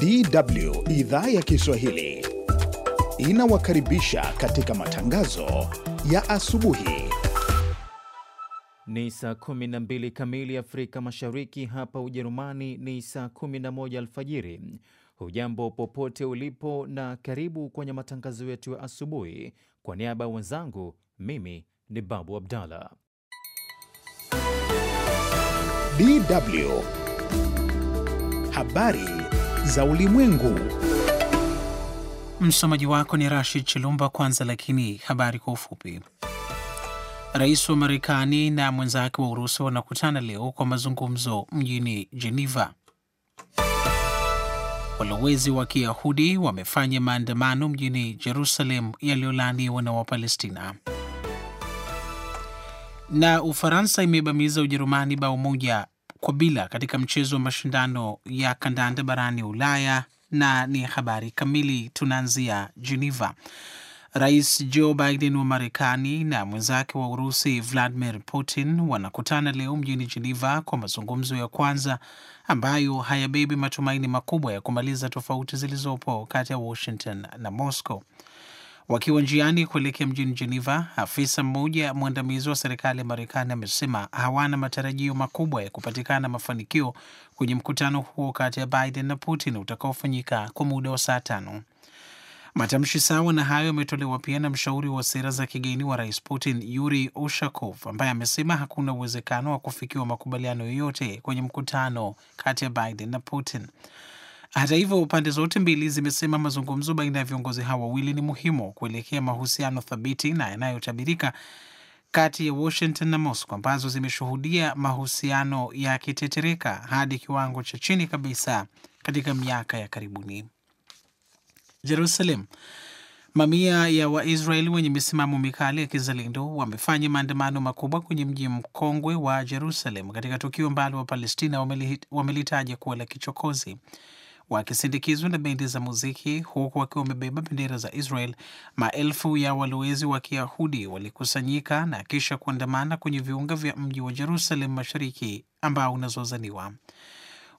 DW idhaa ya Kiswahili inawakaribisha katika matangazo ya asubuhi. Ni saa 12 kamili Afrika Mashariki, hapa Ujerumani ni saa 11 alfajiri. Hujambo popote ulipo na karibu kwenye matangazo yetu ya asubuhi. Kwa niaba ya wenzangu, mimi ni Babu Abdallah. DW habari za ulimwengu. Msomaji wako ni Rashid Chilumba. Kwanza lakini habari kwa ufupi. Rais wa Marekani na mwenzake wa Urusi wanakutana leo kwa mazungumzo mjini Geneva. Walowezi wa Kiyahudi wamefanya maandamano mjini Jerusalem yaliyolaaniwa na Wapalestina. Na Ufaransa imebamiza Ujerumani bao moja kwa bila katika mchezo wa mashindano ya kandanda barani Ulaya na ni habari kamili. Tunaanzia Geneva. Rais Joe Biden wa Marekani na mwenzake wa Urusi Vladimir Putin wanakutana leo mjini Geneva kwa mazungumzo ya kwanza ambayo hayabebi matumaini makubwa ya kumaliza tofauti zilizopo kati ya Washington na Moscow. Wakiwa njiani kuelekea mjini Geneva, afisa mmoja mwandamizi wa serikali ya Marekani amesema hawana matarajio makubwa ya kupatikana mafanikio kwenye mkutano huo kati ya Biden na Putin utakaofanyika kwa muda wa saa tano. Matamshi sawa na hayo yametolewa pia na mshauri wa sera za kigeni wa rais Putin, Yuri Ushakov, ambaye amesema hakuna uwezekano wa kufikiwa makubaliano yoyote kwenye mkutano kati ya Biden na Putin. Hata hivyo, pande zote mbili zimesema mazungumzo baina ya viongozi hao wawili ni muhimu kuelekea mahusiano thabiti na yanayotabirika kati ya Washington na Moscow ambazo zimeshuhudia mahusiano yakitetereka hadi kiwango cha chini kabisa katika miaka ya karibuni. Jerusalem. Mamia ya Waisraeli wenye misimamo mikali ya kizalendo wamefanya maandamano makubwa kwenye mji mkongwe wa Jerusalem katika tukio ambalo Wapalestina wamelitaja kuwa la kichokozi wakisindikizwa na bendi za muziki, huku wakiwa wamebeba bendera za Israel. Maelfu ya walowezi wa Kiyahudi walikusanyika na kisha kuandamana kwenye viunga vya mji wa Jerusalem Mashariki ambao unazozaniwa.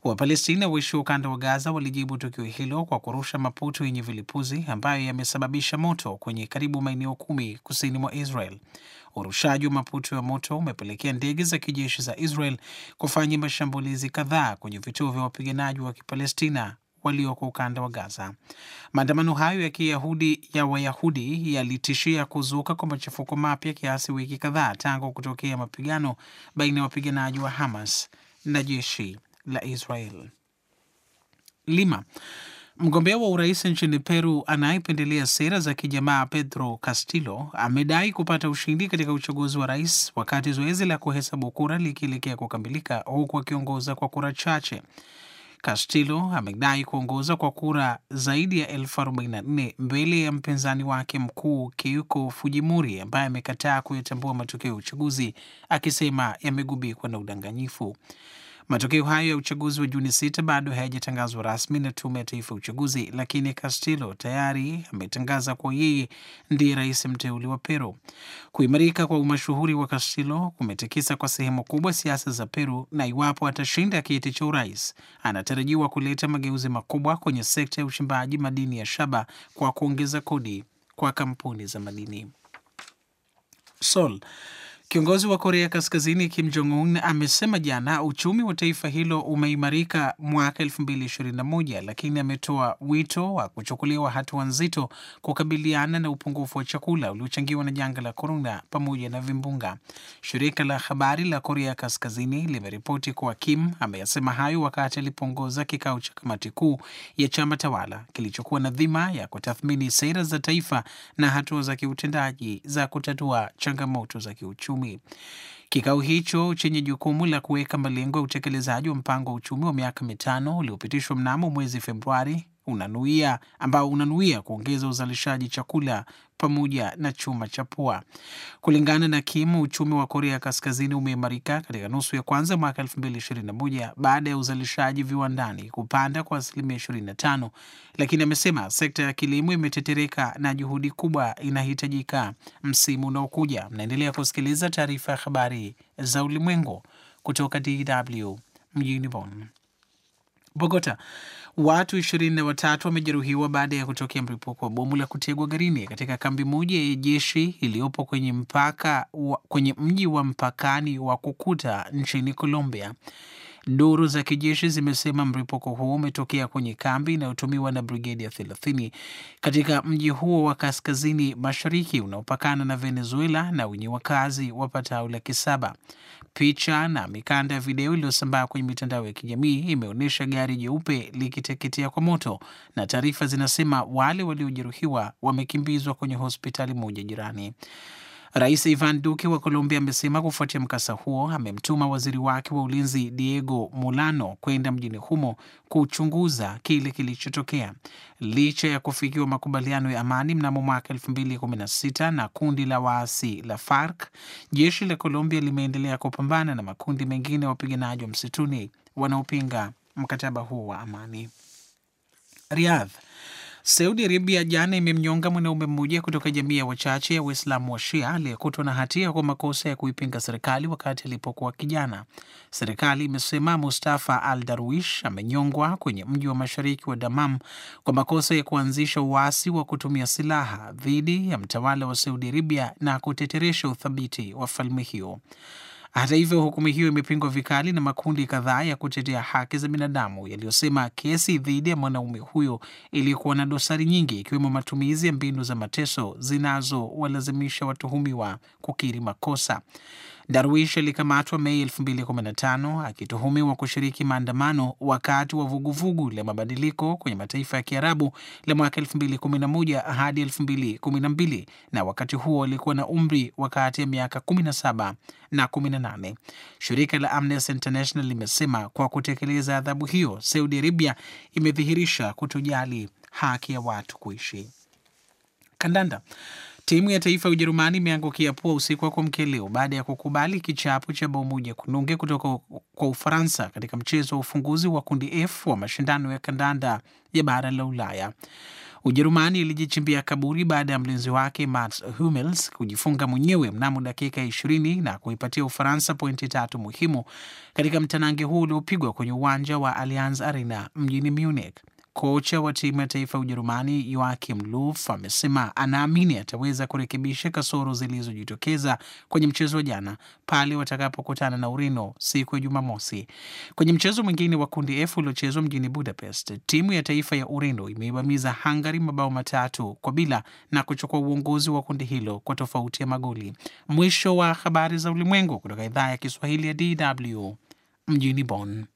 Wapalestina waishi ukanda wa Gaza walijibu tukio hilo kwa kurusha maputo yenye vilipuzi ambayo yamesababisha moto kwenye karibu maeneo kumi kusini mwa Israel. Urushaji wa maputo ya moto umepelekea ndege za kijeshi za Israel kufanya mashambulizi kadhaa kwenye vituo vya wapiganaji wa Kipalestina walioko ukanda wa Gaza. Maandamano hayo ya Kiyahudi ya Wayahudi yalitishia kuzuka kwa machafuko mapya kiasi wiki kadhaa tangu kutokea mapigano baina ya wapiganaji wa Hamas na jeshi la Israel. Lima. Mgombea wa urais nchini Peru anayependelea sera za kijamaa Pedro Castillo amedai kupata ushindi katika uchaguzi wa rais wakati zoezi la kuhesabu kura likielekea kukamilika huku akiongoza kwa kura chache. Castillo amedai kuongoza kwa kura zaidi ya elfu arobaini na nne mbele ya mpinzani wake mkuu Keiko Fujimori ambaye amekataa kuyatambua matokeo ya uchaguzi akisema yamegubikwa na udanganyifu. Matokeo hayo ya uchaguzi wa Juni sita bado hayajatangazwa rasmi na Tume ya Taifa ya Uchaguzi, lakini Castillo tayari ametangaza kuwa yeye ndiye rais mteuli wa Peru. Kuimarika kwa umashuhuri wa Castillo kumetikisa kwa sehemu kubwa siasa za Peru, na iwapo atashinda kiti cha urais, anatarajiwa kuleta mageuzi makubwa kwenye sekta ya uchimbaji madini ya shaba kwa kuongeza kodi kwa kampuni za madini. Sol Kiongozi wa Korea Kaskazini Kim Jong Un amesema jana uchumi wa taifa hilo umeimarika mwaka 2021, lakini ametoa wito wa kuchukuliwa hatua nzito kukabiliana na upungufu wa chakula uliochangiwa na janga la korona pamoja na vimbunga. Shirika la habari la Korea Kaskazini limeripoti kuwa Kim ameyasema hayo wakati alipoongoza kikao cha kamati kuu ya chama tawala kilichokuwa na dhima ya kutathmini sera za taifa na hatua za kiutendaji za kutatua changamoto za kiuchumi uchumi. Kikao hicho chenye jukumu la kuweka malengo ya utekelezaji wa mpango wa uchumi wa miaka mitano uliopitishwa mnamo mwezi Februari unanuia ambao unanuia kuongeza uzalishaji chakula pamoja na chuma cha pua. Kulingana na Kim, uchumi wa Korea Kaskazini umeimarika katika nusu ya kwanza mwaka 2021 baada ya uzalishaji viwandani kupanda kwa asilimia 25, lakini amesema sekta ya kilimo imetetereka na juhudi kubwa inahitajika msimu unaokuja. Mnaendelea kusikiliza taarifa ya habari za ulimwengu kutoka DW mjini Bonn. Bogota, watu ishirini na watatu wamejeruhiwa baada ya kutokea mlipuko wa bomu la kutegwa garini katika kambi moja ya jeshi iliyopo kwenye mpaka wa, kwenye mji wa mpakani wa Kukuta nchini Colombia. Duru za kijeshi zimesema mlipuko huo umetokea kwenye kambi inayotumiwa na brigedi ya 30 katika mji huo wa kaskazini mashariki unaopakana na Venezuela na wenye wakazi wapatao laki saba. Picha na mikanda ya video iliyosambaa kwenye mitandao ya kijamii imeonyesha gari jeupe likiteketea kwa moto, na taarifa zinasema wale waliojeruhiwa wamekimbizwa kwenye hospitali moja jirani. Rais Ivan Duque wa Colombia amesema kufuatia mkasa huo amemtuma waziri wake wa ulinzi Diego Mulano kwenda mjini humo kuchunguza kile kilichotokea. Licha ya kufikiwa makubaliano ya amani mnamo mwaka 2016 na kundi la waasi la FARC, jeshi la Colombia limeendelea kupambana na makundi mengine ya wapiganaji wa msituni wanaopinga mkataba huo wa amani. Riyadh Saudi Arabia jana imemnyonga mwanaume mmoja kutoka jamii ya wachache ya Waislamu wa Shia aliyekutwa na hatia kwa makosa ya kuipinga serikali wakati alipokuwa kijana. Serikali imesema Mustafa Al Darwish amenyongwa kwenye mji wa mashariki wa Damam kwa makosa ya kuanzisha uasi wa kutumia silaha dhidi ya mtawala wa Saudi Arabia na kuteteresha uthabiti wa falme hiyo. Hata hivyo, hukumu hiyo imepingwa vikali na makundi kadhaa ya kutetea haki za binadamu yaliyosema kesi dhidi ya mwanaume huyo ilikuwa na dosari nyingi, ikiwemo matumizi ya mbinu za mateso zinazowalazimisha watuhumiwa kukiri makosa. Darwish alikamatwa Mei 2015 akituhumiwa kushiriki maandamano wakati wa vuguvugu la mabadiliko kwenye mataifa ya Kiarabu la mwaka 2011 hadi 2012, na wakati huo alikuwa na umri wa kati ya miaka 17 na 18. Shirika la Amnesty International limesema kwa kutekeleza adhabu hiyo, Saudi Arabia imedhihirisha kutojali haki ya watu kuishi. Kandanda. Timu ya taifa ya Ujerumani imeangukia pua usiku wa kuamkia leo baada ya kukubali kichapo cha bao moja kununge kutoka kwa Ufaransa katika mchezo wa ufunguzi wa kundi F wa mashindano ya kandanda ya bara la Ulaya. Ujerumani ilijichimbia kaburi baada ya mlinzi wake Mats Hummels kujifunga mwenyewe mnamo dakika ishirini na kuipatia Ufaransa pointi tatu muhimu katika mtanange huu uliopigwa kwenye uwanja wa Allianz Arena mjini Munich. Kocha wa timu ya taifa ya Ujerumani Joachim Löw amesema anaamini ataweza kurekebisha kasoro zilizojitokeza kwenye mchezo wa jana pale watakapokutana na Ureno siku ya Jumamosi. Kwenye mchezo mwingine wa kundi F uliochezwa mjini Budapest, timu ya taifa ya Ureno imeibamiza Hungary mabao matatu kwa bila na kuchukua uongozi wa kundi hilo kwa tofauti ya magoli. Mwisho wa habari za ulimwengu kutoka idhaa ya Kiswahili ya DW mjini Bonn.